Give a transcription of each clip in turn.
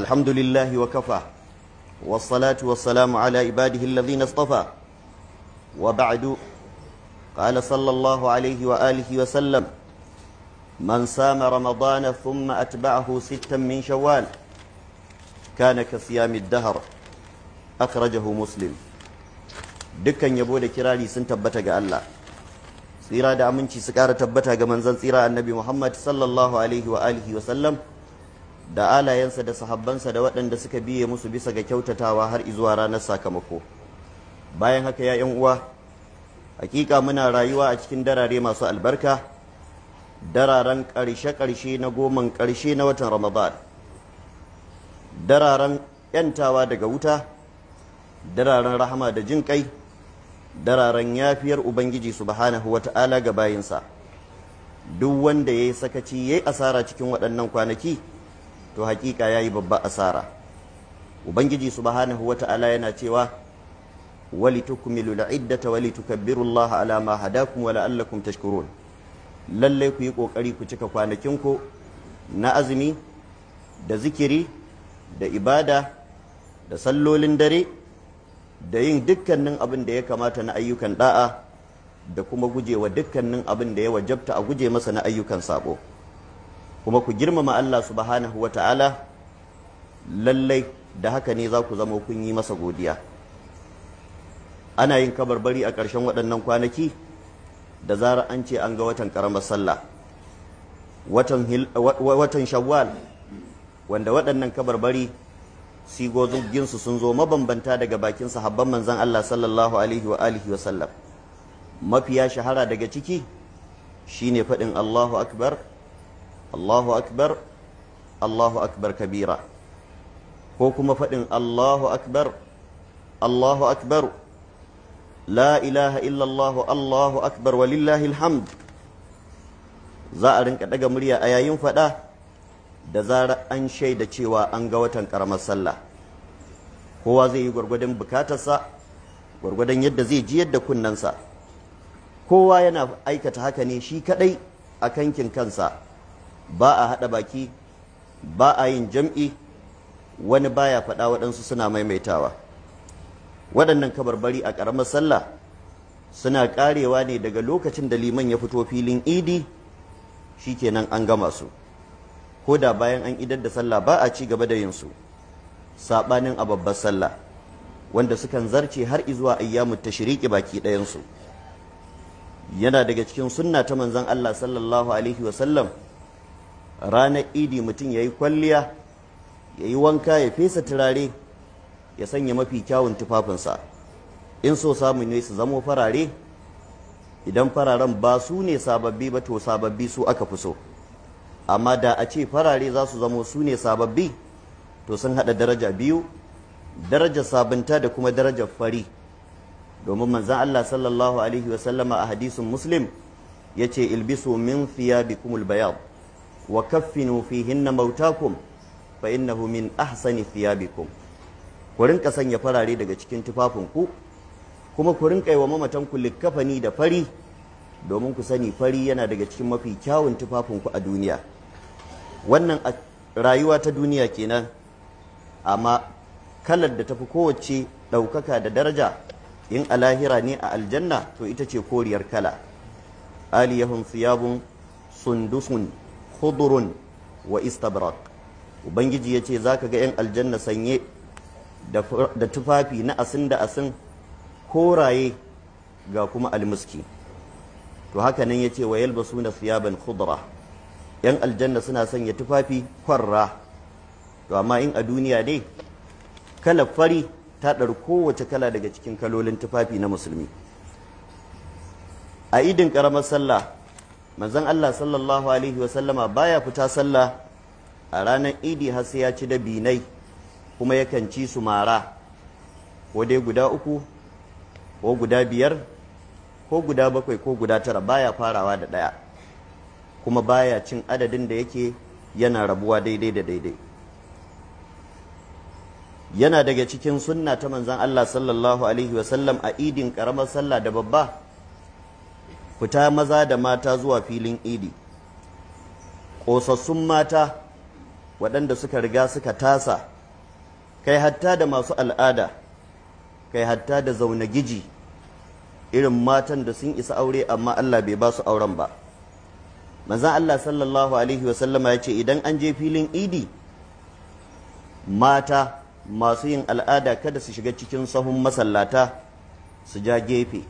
الحمد لله وكفى والصلاة والسلام على عباده الذين اصطفى وبعد قال صلى الله عليه وآله وسلم من سام رمضان ثم أتبعه ستا من شوال كان كصيام الدهر أخرجه مسلم dukkan yabo da kirari sun tabbata ga Allah tsira da aminci su ƙara tabbata ga manzan tsira annabi Muhammad sallallahu wa wa da alayensa da sahabbansa da waɗanda suka biye musu bisa ga kyautatawa har izuwa ranar sakamako bayan haka ya yan uwa hakika muna rayuwa a cikin darare masu albarka dararen ƙarshe-ƙarshe na goman ƙarshe na watan ramadan dararen yantawa daga wuta dararen rahama da jin kai dararen yafiyar ubangiji subhanahu wata'ala ga bayinsa duk wanda ya yi sakaci ya yi asara cikin waɗannan kwanaki to hakika yi babba asara ubangiji subhanahu ta'ala yana cewa da al'iddata walitukabbiru Allah ala ma hadakum wa la'allakum tashkurun lalle ku yi kokari ku cika kwanakin ku na azumi da zikiri da ibada da sallolin dare da yin dukkanin abin da ya kamata na ayyukan da'a da kuma gujewa dukkanin abin da ya wajabta a guje masa na ayyukan sabo kuma ku girmama Allah subhanahu wa ta'ala lallai da haka ne za ku zama kun yi masa godiya ana yin kabarbari a ƙarshen waɗannan kwanaki da zarar an ce an ga watan ƙaramar sallah watan shawwal wanda waɗannan kabarbari sigoginsu sun zo mabambanta daga bakin sahabban manzan Allah sallallahu alaihi wa alihi wa sallam mafiya shahara daga ciki shine faɗin Allahu akbar Allahu akbar Allahu akbar kabira ko kuma faɗin Allahu akbar Allahu akbar la ilaha illallah Allahu akbar walillahi alhamd za a rinka ɗaga murya a yayin faɗa da zarar an shaida cewa an ga watan ƙaramar sallah kowa zai yi gwargwadon bukatarsa gwargwadon yadda zai ji yadda kunnensa kowa yana aikata haka ne shi kaɗai a kankin kansa ba a haɗa baki ba a yin jam'i wani baya faɗa waɗansu suna maimaitawa waɗannan kabarbari a ƙaramar sallah suna ƙarewa ne daga lokacin da liman ya fito filin idi Shi kenan an gama su ko da bayan an idar da sallah ba a ci gaba da yin su saɓanin a babbar sallah wanda sukan zarce har izuwa ayyamu tashriqi baki ɗayansu yana daga cikin sunna ta manzon Allah sallallahu alaihi wa sallam ranar idi mutum ya yi kwalliya ya yi wanka ya fesa turare ya sanya mafi kyawun tufafinsa in so samun ne su zamo farare idan fararen ba su ne sababbi ba to sababbi su aka fi so amma da a ce farare za su zamo su ne sababbi to sun haɗa daraja biyu daraja sabunta da kuma daraja fari domin manzan Allah sallallahu alaihi wasallama a hadisin muslim ya ce ilbisu min fiya kumul bayab wa kaffinu fihinna mautakum fa innahu min ahsani thiyabikum ku rinka sanya farare daga cikin tufafinku kuma ku rinka yi wa ku likkafani da fari domin ku sani fari yana daga cikin mafi kyawun tufafinku a duniya wannan rayuwa ta duniya kenan amma kalar da tafi kowace ɗaukaka da daraja in a lahira ne a aljanna to ita ce koriyar kala aliyahun siyabun sundusun khudurun wa istabrak ubangiji yace zaka ga 'yan aljanna sanye da tufafi na asin da asin koraye ga kuma almuski to haka nan ya ce wa yalbasu na siyaban khudura 'yan aljanna suna sanya tufafi kwarra to amma in a duniya ne kala fari ta ɗar kowace kala daga cikin kalolin tufafi na musulmi a idin ƙaramar sallah manzon Allah sallallahu alaihi wasallama baya fita sallah a ranar idi har sai ya ci da binai kuma yakan ci su mara ko dai guda uku ko guda biyar ko guda bakwai ko guda tara baya farawa da ɗaya kuma baya cin adadin da yake yana rabuwa daidai da daidai yana daga cikin sunna ta manzon Allah sallallahu alaihi wasallam a idin karamar sallah da babba fita maza da mata zuwa filin idi ƙosassun mata waɗanda suka riga suka tasa kai hatta da masu al'ada kai hatta da zaune giji irin matan da sun isa aure amma Allah bai ba su auren ba manzan Allah sallallahu alaihi wasallama ya ce idan an je filin idi mata masu yin al'ada kada su shiga cikin sahun masallata su ja gefe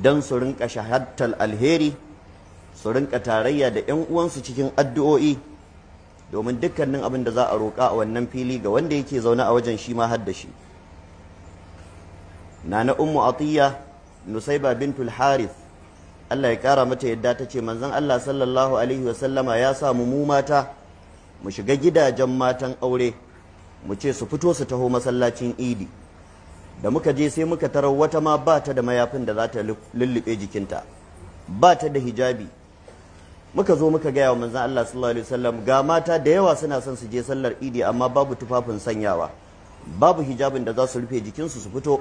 don su rinka shahattar alheri su rinka tarayya da 'yan uwansu cikin addu'o'i domin dukkanin abin da za a roƙa a wannan fili ga wanda yake zaune a wajen shi ma har da shi nana ummu atiyya nusaiba bintul harith Allah ya kara mata yadda ta ce manzon Allah sallallahu alaihi wa sallama ya samu mu mu mata mu shiga gidajen matan aure mu ce su fito su taho masallacin idi da muka je sai muka tarar wata ma ba ta da mayafin da za ta lullube jikinta ba ta da hijabi muka zo muka gaya wa manzan Allah sallallahu alaihi wasallam ga mata da yawa suna son su je sallar idi amma babu tufafin sanyawa babu hijabin da za su rufe jikinsu su fito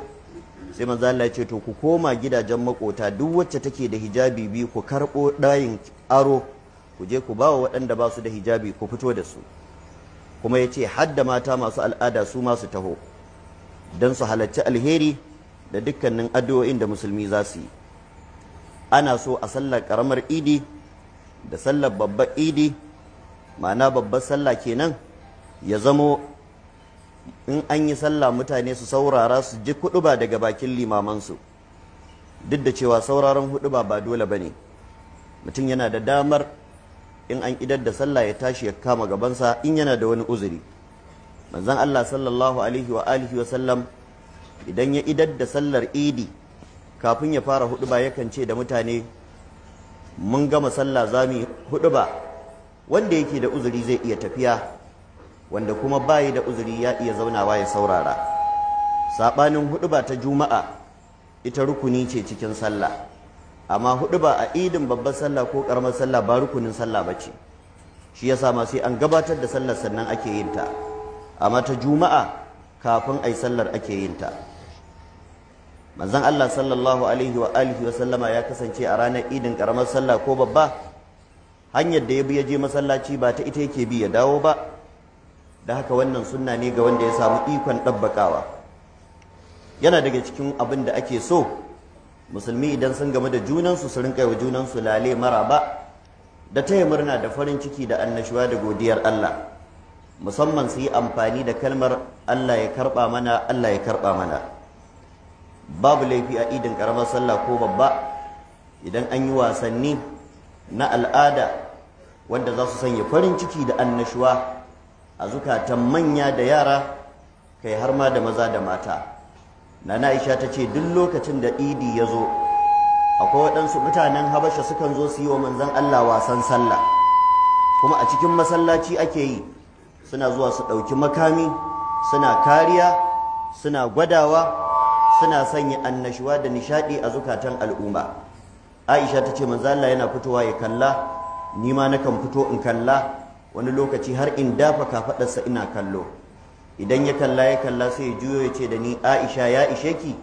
sai manzan Allah ya ce to ku koma gidajen makota duk wacce take da hijabi biyu ku karbo dayin aro ku je ku bawa waɗanda ba su da hijabi ku fito da su kuma ya ce hadda mata masu al'ada su masu taho don su halarci alheri da dukkanin addu'o'in da musulmi za su yi ana so a sallar karamar idi da sallar babbar idi ma'ana babbar sallah kenan ya zamo in an yi sallah mutane su saurara su ji kuɗuba daga bakin limamansu duk da cewa sauraron huɗuba ba dole ba ne mutum yana da damar in an idar da sallah ya tashi ya kama gabansa in yana da wani uzuri manzan Allah sallallahu alaihi wa alihi wa sallam idan ya idar da sallar idi kafin ya fara huduba yakan ce da mutane mun gama sallah zami huduba wanda yake da uzuri zai iya tafiya wanda kuma bayi da uzuri ya iya zaunawa ya saurara sabanin huduba ta juma'a ita rukuni ce cikin sallah amma huduba a idin babbar sallah ko karamar sallah ba rukunin sallah ce. shi yasa ma sai an gabatar da sallar sannan ake yin ta amma ta juma'a kafin a yi sallar ake yin ta manzon Allah sallallahu alaihi wa alihi wa sallama ya kasance a ranar idin karamar sallah ko babba hanyar da ya bi ya je masallaci ba ta ita yake bi ya dawo ba da haka wannan sunna ne ga wanda ya samu ikon ɗabbakawa yana daga cikin abin da ake so musulmi idan sun game da junansu su rinka wa junansu lale maraba da taya murna da farin ciki da annashuwa da godiyar Allah musamman su yi amfani da kalmar Allah ya karba mana Allah ya karba mana babu laifi a idin karamar sallah ko babba idan an yi wasanni na al'ada wanda za su sanya farin ciki da annashuwa a zukatan manya da yara kai har ma da maza da mata nana aisha ta ce duk lokacin da idi ya zo akwai waɗansu mutanen habasha sukan zo su yi wa manzan allah wasan sallah kuma a cikin masallaci ake yi suna zuwa su ɗauki makami suna kariya suna gwadawa suna sanya annashuwa da nishaɗi a zukatan al'umma aisha ta ce manzala yana fitowa ya kalla ni ma nakan fito in kalla wani lokaci har in dafa kafaɗarsa ina kallo idan ya kalla ya kalla sai ya juyo ya ce da ni aisha ya ishe ki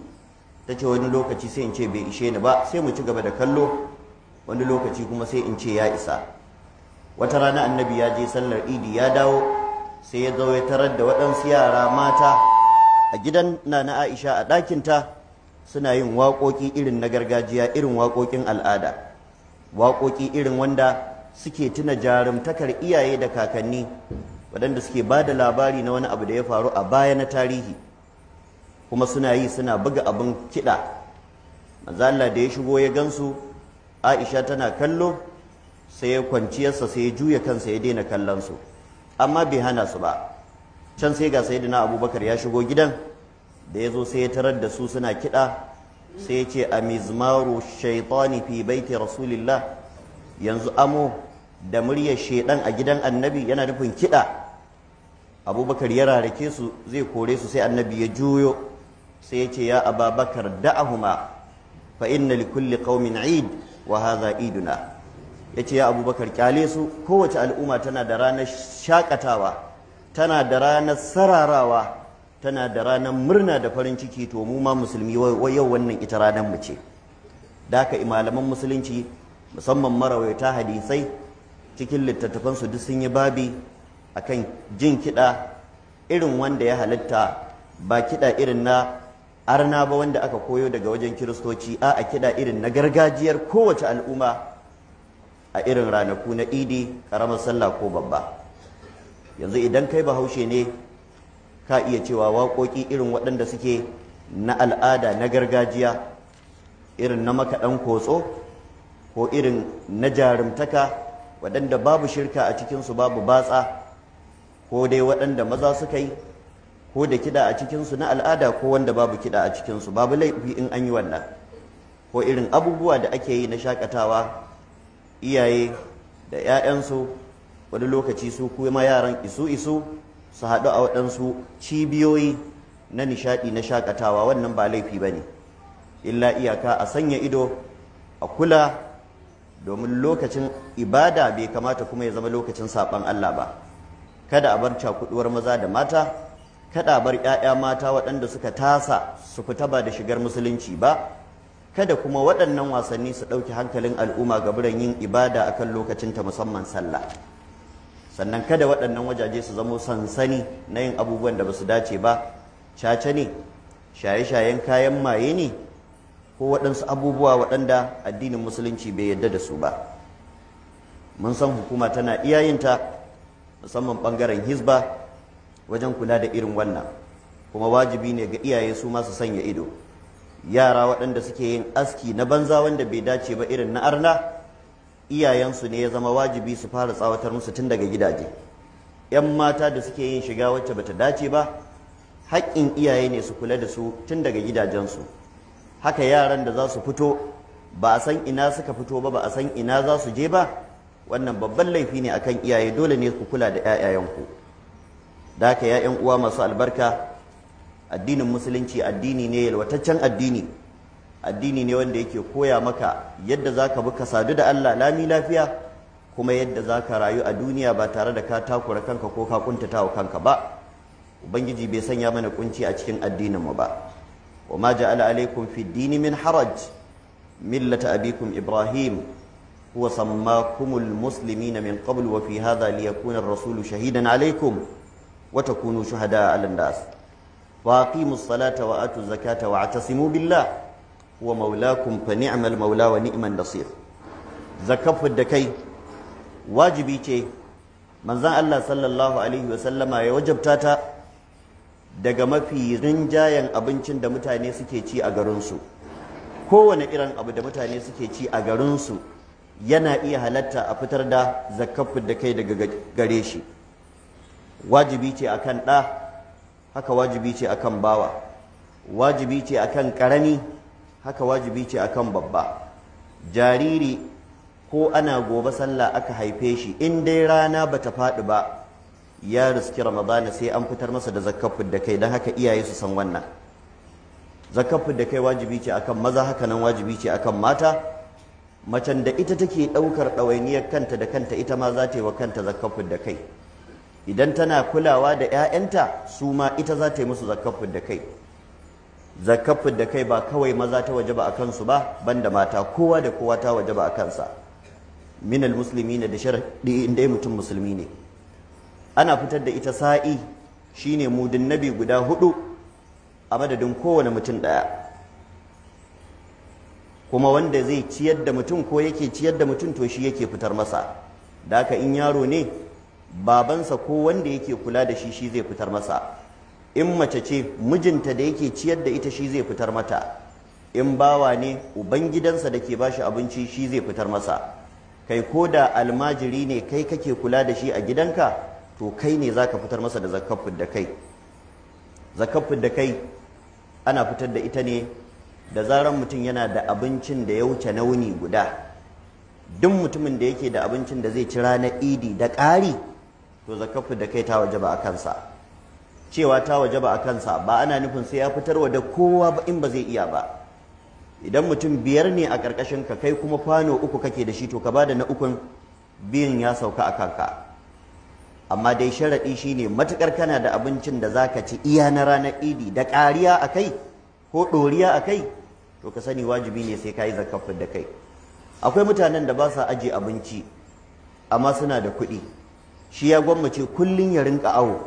ta ce wani lokaci sai in ce bai ishe ni ba sai mu ci gaba da kallo wani lokaci kuma sai in ce ya isa wata rana annabi ya je sallar idi ya dawo sai ya zo ya tarar da waɗansu yara mata a gidan nana aisha a ɗakinta suna yin waƙoƙi irin na gargajiya irin waƙoƙin al'ada waƙoƙi irin wanda suke tuna jarumtakar iyaye da kakanni waɗanda suke ba da labari na wani abu da ya faru a baya na tarihi kuma suna yi suna buga abin kiɗa mazalla da ya shigo ya gansu aisha tana kallo sai ya kwanciyarsa sai ya juya kansa ya daina kallonsu su amma bai hana su ba can sai ga sayyidina abubakar ya shigo gidan da ya zo sai ya tarar da su suna kiɗa sai ya ce a mizmaru shaitani fi baiti rasulillah yanzu amo da muryar shaidan a gidan annabi yana nufin kiɗa abubakar ya rarake su zai kore su sai annabi ya juyo sai ya ce ya ababakar da'ahuma fa inna likulli qaumin eid wa hadha iduna ya ce ya abubakar kyale su kowace al'umma tana da ranar shakatawa tana da ranar sararawa tana da ranar murna da farin ciki to mu ma musulmi wa yau wannan ita ranar mu ce da haka malaman musulunci musamman marawaita hadisai cikin littattafansu duk sun yi babi akan jin kiɗa irin wanda ya halitta ba kiɗa irin na arna ba wanda aka koyo daga wajen kiristoci a a kiɗa irin na gargajiyar kowace al'umma a irin ranaku na idi karamar sallah ko babba yanzu idan kai bahaushe ne ka iya cewa waƙoƙi irin waɗanda suke na al'ada na gargajiya irin na makaɗan kotso ko irin na jarumtaka waɗanda babu shirka a cikinsu babu batsa ko dai waɗanda maza suka yi ko da kiɗa a cikinsu na al'ada ko wanda babu kiɗa a cikinsu babu laifi in an yi wannan ko irin abubuwa da ake yi na shakatawa iyaye da 'ya'yansu wani lokaci su kuma yaran isu isu su haɗu a waɗansu cibiyoyi na nishaɗi na shakatawa wannan ba laifi ba ne illa iyaka a sanya ido a kula domin lokacin ibada bai kamata kuma ya zama lokacin saɓan Allah ba kada a bar cakuduwar maza da mata kada a bar 'ya'ya mata waɗanda suka tasa su fita ba da shigar musulunci ba kada kuma waɗannan wasanni su ɗauki hankalin al'umma ga biran yin ibada a kan lokacinta musamman sallah sannan kada waɗannan wajaje su zamo sansani na yin abubuwan da ba su dace ba caca ne shaye-shayen kayan maye ne ko waɗansu abubuwa waɗanda addinin musulunci bai yadda da su ba mun san hukuma tana iyayinta musamman ɓangaren Hisba wajen kula da irin wannan kuma wajibi ne ga iyaye su masu sanya ido yara waɗanda suke yin aski na banza wanda bai dace ba irin na arna iyayensu ne ya zama wajibi su fara tsawatar musu tun daga gidaje 'yan mata da suke yin shiga wacce bata dace ba haƙƙin iyaye ne su kula da su tun daga gidajensu haka yaran da za su fito ba a san ina suka fito ba ba a san ina za su je ba wannan babban laifi ne akan iyaye dole ne ku kula da 'ya'yayenku da haka 'ya'yan uwa masu albarka addinin musulunci addini ne yalwataccen addini addini ne wanda yake koya maka yadda zaka bi ka sadu da Allah lami lafiya kuma yadda zaka rayu a duniya ba tare da ka takura kanka ko ka kuntata wa kanka ba ubangiji bai sanya mana kunci a cikin addinin mu ba وما جعل عليكم في الدين ibrahim حرج ملة أبيكم إبراهيم هو سماكم المسلمين من قبل وفي هذا ليكون الرسول شهيدا عليكم وتكونوا شهداء على الناس واقيموا الصلاه واتوا الزكاه واعتصموا بالله هو مولاكم فنعم المولى ونعم النصير زكف kai, واجبي ce manzon Allah sallallahu alaihi wasallama ya wajabta ta daga mafi rinjayen abincin da mutane suke ci a garinsu kowane irin abu da mutane suke ci a garinsu yana iya halatta a fitar da zakafin da kai daga gare shi wajibi ce akan ɗa haka wajibi ce akan bawa wajibi ce akan karami haka wajibi ce akan babba jariri ko ana gobe sallah aka haife shi in dai rana bata faɗi ba ya riski ramadana sai an fitar masa da zakafin da kai don haka iyaye su san wannan Zakafin da kai wajibi ce akan maza haka nan wajibi ce akan mata macen da ita take ɗaukar ɗawainiyar kanta da kanta ita ma za ta yi wa kanta zakafin da kai idan tana kulawa da 'ya'yanta su ma ita za ta yi musu zakafin da kai zakafin da kai ba kawai maza ta waje ba a kansu ba banda mata kowa da kowa ta waje ba a kansa minal musulmi ne da sharaɗi inda mutum musulmi ne ana fitar da ita sa'i shine mudin nabi guda hudu a madadin kowane mutum ɗaya kuma wanda zai ciyar da mutum ko yake ciyar da mutum to shi yake fitar masa da haka in yaro ne babansa ko wanda yake kula da shi shi zai fitar masa in mace ce mijinta da yake ciyar da ita shi zai fitar mata in bawa ne ubangidansa da ke bashi abinci shi zai fitar masa kai ko da almajiri ne kai kake kula da shi a gidanka to kai ne za ka fitar masa da zakafin da kai zakafin da kai ana fitar da ita ne da zaran mutum yana da abincin da ya wuce nauni guda duk mutumin da yake da abincin da zai ci ranar idi da ƙari to zakafin da kai ta wajaba a kansa cewa ta wajaba a kansa ba ana nufin sai ya fitar wa da kowa ba in ba zai iya ba idan mutum biyar ne a ƙarƙashin ka kai kuma kwano uku kake da shi to ka bada na ukun biyan ya sauka a kanka amma dai sharaɗi shine matukar kana da abincin da zaka ci iya na ranar idi da ƙariya akai ko ɗoriya akai to ka sani wajibi ne sai ka yi zakafin da kai akwai mutanen da ba sa ajiye abinci amma suna da kuɗi shi ya gwammace kullum ya rinka awo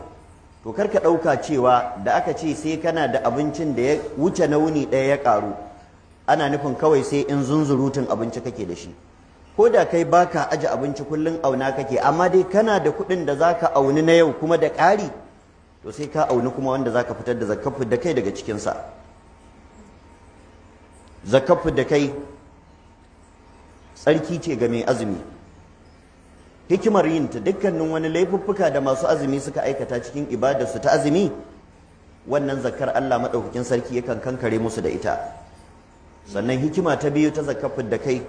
to kar ka ɗauka cewa da aka ce sai kana da abincin da ya wuce na wuni ɗaya ya ƙaru ana nufin kawai sai in zunzurutun abinci kake da shi ko da kai baka aje abinci kullum auna kake amma dai kana da kuɗin da zaka auni na yau kuma da ƙari to sai ka auni kuma wanda zaka fitar da zakafu da kai daga cikinsa Zakafu da kai tsarki ce ga mai azumi hikimar yin ta dukkanin wani laifuffuka da masu azumi suka aikata cikin ibadarsu ta azumi wannan zakar Allah madaukakin sarki yakan kankare musu da ita sannan hikima ta biyu ta zakafin da kai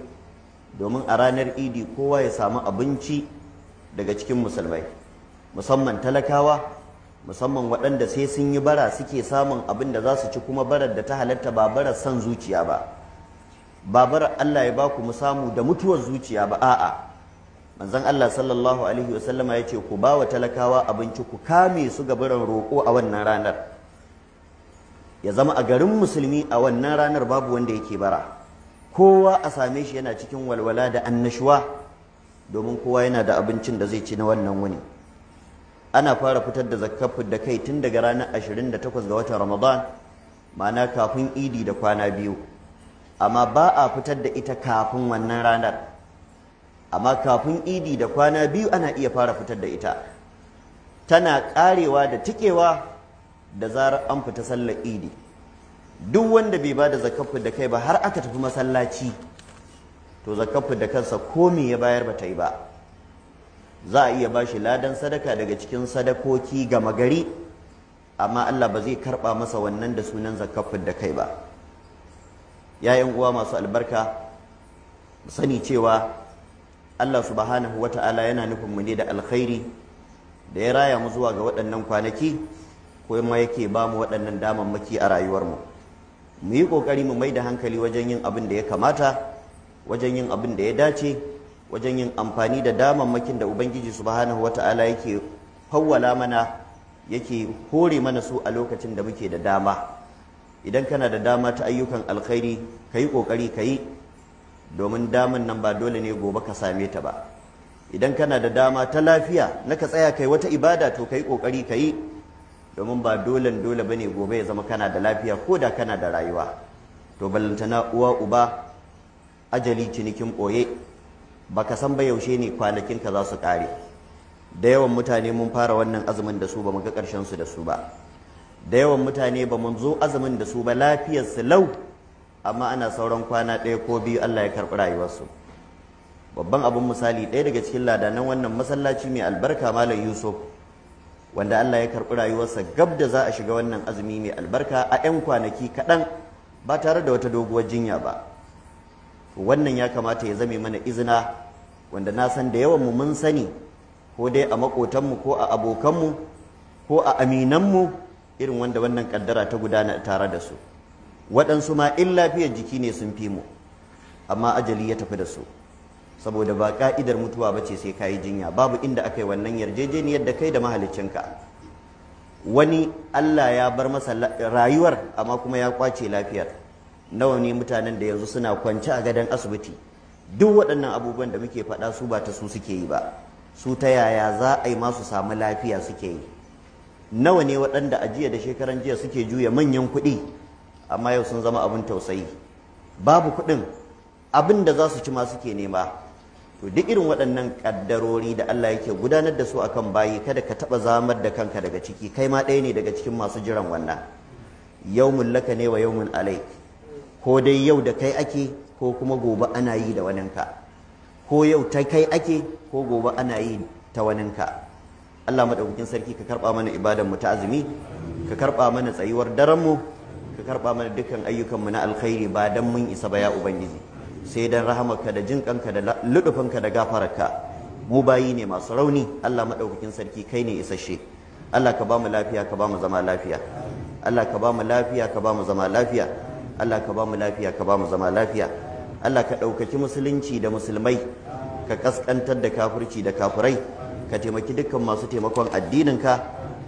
domin a ranar idi kowa ya samu abinci daga cikin musulmai musamman talakawa musamman waɗanda sai sun yi bara suke samun abin da za su ci kuma barar da ta halatta ba barar son zuciya ba ba barar Allah ya ba ku mu samu da mutuwar zuciya ba a'a manzon Allah sallallahu alaihi ya yace ku ba wa talakawa abinci ku kame su gaburan roƙo a wannan ranar ya zama a garin musulmi a wannan ranar babu wanda yake bara kowa a same shi yana cikin walwala da annashuwa domin kowa yana da abincin da zai ci na wannan wuni ana fara fitar da zakkafu da kai tun daga ranar 28 ga watan Ramadan ma'ana kafin idi da kwana biyu amma ba a fitar da ita kafin wannan ranar amma kafin idi da kwana biyu ana iya fara fitar da ita tana karewa da tikewa da zarar an fita sallar idi duk wanda bai ba da zakafin da kai ba har aka tafi masallaci to zakafin da kansa ko ya bayar ba ta yi ba za a iya bashi ladan sadaka daga cikin sadakoki ga magari amma Allah ba zai karba masa wannan da sunan zakafin da kai ba yayin uwa masu albarka sani cewa Allah subhanahu wa ta'ala yana nufin mu ne da alkhairi da ya raya mu zuwa ga waɗannan kwanaki ko ma yake ba mu waɗannan damammaki a rayuwarmu mu yi ƙoƙari mu mai da hankali wajen yin abin da ya kamata wajen yin abin da ya dace wajen yin amfani da damammakin da ubangiji subhanahu wa ta'ala yake fawwala mana yake hore mana su a lokacin da muke da dama idan kana da dama ta ayyukan alkhairi ka yi ƙoƙari ka yi domin daman nan ba dole ne gobe ka same ta ba idan kana da dama ta lafiya na ka tsaya kai wata ibada to kai kokari kai domin ba dole dole bane gobe ya zama kana da lafiya ko da kana da rayuwa to ballantana uwa uba ajali cinikin boye baka san ba yaushe ne kwanakin ka za su kare da yawan mutane mun fara wannan azumin da su ba mu ga karshen su da su ba da yawan mutane ba mun zo azumin da su ba lafiyar su lau amma ana sauran kwana ɗaya ko biyu Allah ya karɓi rayuwarsu babban abin misali ɗaya daga cikin ladanan wannan masallaci mai albarka malam Yusuf wanda Allah ya karɓi rayuwarsa gab da za a shiga wannan azumi mai albarka a 'yan kwanaki kaɗan ba tare da wata doguwar jinya ba wannan ya kamata ya zame mana izina wanda na san da yawan mu mun sani ko dai a makotanmu ko a abokanmu ko a aminanmu irin wanda wannan kaddara ta gudana tare da su waɗansu ma in lafiyar jiki ne sun fi mu amma ajali ya tafi da su saboda ba ka'idar mutuwa ba ce sai ka yi jinya babu inda aka yi wannan yarjejeniyar da kai da mahaliccinka wani Allah ya bar masa rayuwar amma kuma ya kwace lafiyar nawa ne mutanen da yanzu suna kwance a gadon asibiti duk waɗannan abubuwan da muke faɗa su ba ta su suke yi ba su ta yaya za a yi masu samu lafiya suke yi nawa ne waɗanda a jiya da shekaran jiya suke juya manyan kuɗi amma yau sun zama abin tausayi babu kuɗin abin da za su ci masu ke nema to duk irin waɗannan ƙaddarori da Allah yake gudanar da su akan bayi kada ka taɓa zamar da kanka daga ciki kai ma ɗaya ne daga cikin masu jiran wannan yawmun laka ne wa yawmun alai. ko dai yau da kai ake ko kuma gobe ana yi da waninka ko yau ta kai ake ko gobe ana yi ta waninka Allah madaukakin sarki ka karɓa mana ibadan mu ta azumi ka karɓa mana tsayuwar daren mu Karɓa mana dukkan ayyukanmu na alkhairi ba dan mun isa ba ya ubangiji sai dan rahamarka da jinkanka da ludufinka da gafararka mu bayi ne masu rauni Allah maɗaukakin sarki kai ne isasshe Allah ka ba mu lafiya ka ba mu zama lafiya Allah ka ba mu lafiya ka ba mu zama lafiya Allah ka ba mu lafiya ka ba mu zama lafiya Allah ka ɗaukaki musulunci da musulmai ka ƙasƙantar da kafurci da kafurai, ka taimaki dukkan masu taimakon addininka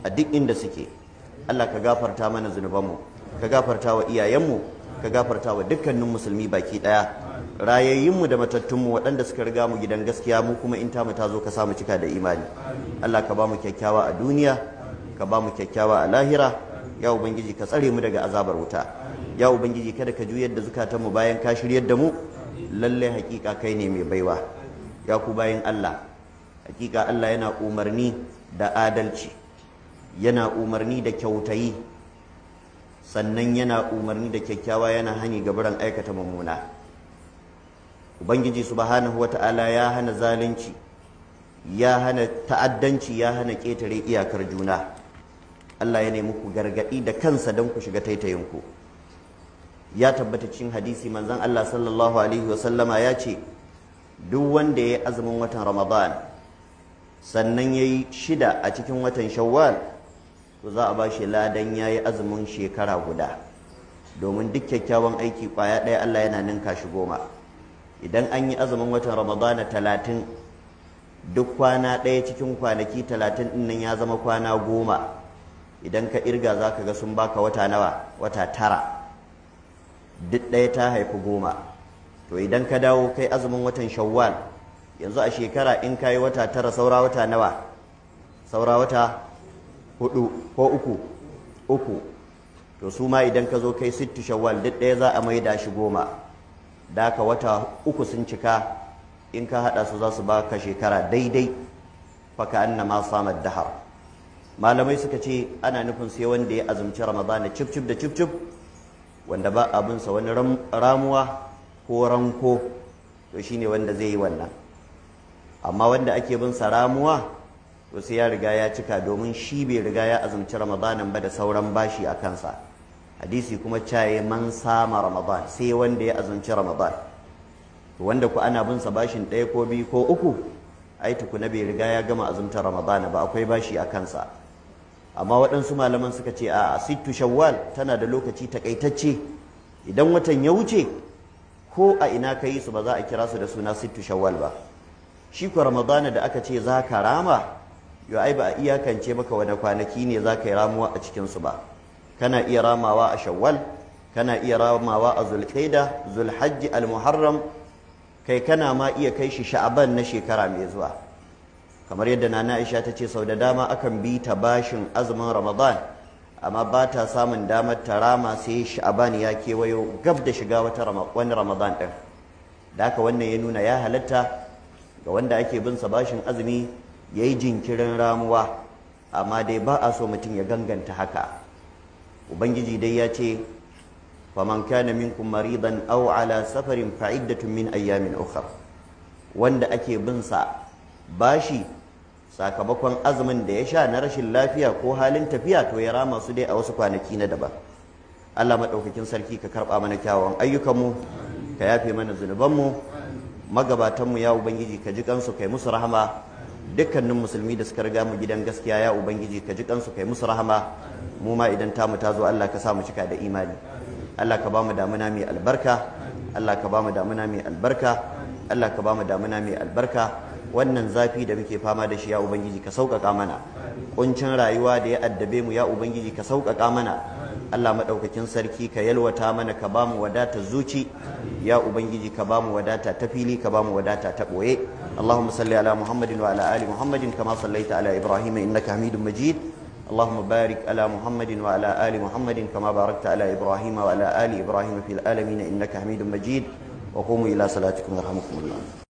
a duk inda suke Allah ka gafarta mana zunubanmu ka gafarta wa iyayenmu ka gafarta wa dukkanin musulmi baki daya rayayyinmu da matattunmu waɗanda suka riga mu gidan gaskiya mu kuma in tamu ta zo ka samu cika da imani Allah ka ba mu kyakkyawa a duniya ka ba mu kyakkyawa a lahira ya ubangiji ka tsare mu daga azabar wuta ya ubangiji kada ka juyar da zukatanmu bayan ka shiryar da mu lallai hakika kai ne mai baiwa ya ku bayan Allah hakika Allah yana umarni da adalci yana umarni da kyautayi sannan yana umarni da kyakkyawa yana hani ga buran aikata mummuna ubangiji subhanahu wata'ala ya hana zalunci ya hana ta'addanci ya hana ƙetare iyakar juna Allah ya nemi ku gargaɗi da kansa don ku shiga taitayinku ya tabbata cikin hadisi manzon Allah sallallahu alaihi wasallama ya ce duk wanda ya yi azumin watan Ramadan sannan ya yi shida a cikin watan Shawwal to za a ba shi ladan ya yi azumin shekara guda domin duk kyakkyawan aiki kwaya ɗaya Allah yana ninka shi goma idan an yi azumin watan ramadana talatin duk kwana ɗaya cikin kwanaki talatin ɗin ya zama kwana goma idan ka irga za ka ga sun baka wata nawa wata tara duk ɗaya ta haifi goma to idan ka dawo kai azumin watan shawwal yanzu a shekara in ka yi wata tara saura wata nawa saura wata hudu ko uku uku to su ma idan ka zo kai sittu shawwal duk ɗaya za a mai da shi goma da ka wata uku sun cika in ka haɗa su za su ba ka shekara daidai faka na ma samar dahar malamai suka ce ana nufin sai wanda ya azumci ramadana cif cif da cif cif wanda ba abinsa wani ramuwa ko ranko to shine wanda zai yi wannan amma wanda ake bin sa ramuwa to ya riga ya cika domin shi bai riga ya azumci ramadanin ba da sauran bashi a kansa hadisi kuma caye man sama ramadan sai wanda ya azumci ramadan to wanda ku ana bin sa bashin ɗaya ko biyu ko uku ai tukuna bai riga ya gama azumta ramadan ba akwai bashi a kansa amma waɗansu malaman suka ce a sittu shawwal tana da lokaci takaitacce idan watan ya wuce ko a ina ka yi su ba za a kira su da suna sittu shawwal ba shi ku ramadana da aka ce za ka rama yo ai ba a iyakance maka wani kwanaki ne za ka yi ramuwa a cikinsu ba kana iya ramawa a shawwal kana iya ramawa a zulqaida zulhajji almuharram kai kana ma iya kai shi sha'aban na shekara mai zuwa kamar yadda nana aisha ta ce sau da dama akan bi ta bashin azumin ramadan amma ba ta samun damar ta rama sai sha'aban ya kewayo gab da shiga wata wani ramadan din da haka wannan ya nuna ya halatta ga wanda ake bin sa bashin azumi ya yi jinkirin ramuwa amma dai ba a so mutum ya ganganta haka ubangiji dai ya ce faman kana minkum maridan aw ala safarin fa'iddatun min ayyamin ukhra wanda ake bin sa bashi sakamakon azumin da ya sha na rashin lafiya ko halin tafiya to ya rama su dai a wasu kwanaki na daban Allah maɗaukakin sarki ka karɓa mana kyawawan ayyukanmu ka yafe mana zunubanmu magabatanmu ya ubangiji ka ji kansu kai musu rahama dukkanin musulmi da suka riga mu gidan gaskiya ya ubangiji ka ji kansu kai musu rahama mu ma idan ta mu tazo, Allah ka sa mu cika da imani Allah ka ba mu damuna mai albarka Allah ka ba mu damuna mai albarka Allah ka ba mu damuna mai albarka wannan zafi da muke fama da shi ya ubangiji ka sauƙaƙa mana kuncin rayuwa da ya addabe mu ya ubangiji ka sauƙaƙa mana Allah maɗaukacin sarki ka yalwata mana ka bamu wadata zuci ya ubangiji ka bamu wadata ta fili ka bamu wadata ta boye Allahumma salli ala Muhammadin wa ala ali Muhammadin kama sallaita ala Ibrahim innaka Hamidum Majid اللهم بارك على محمد وعلى آل محمد كما باركت على إبراهيم وعلى آل إبراهيم في العالمين إنك حميد مجيد وقوموا إلى صلاتكم يرحمكم الله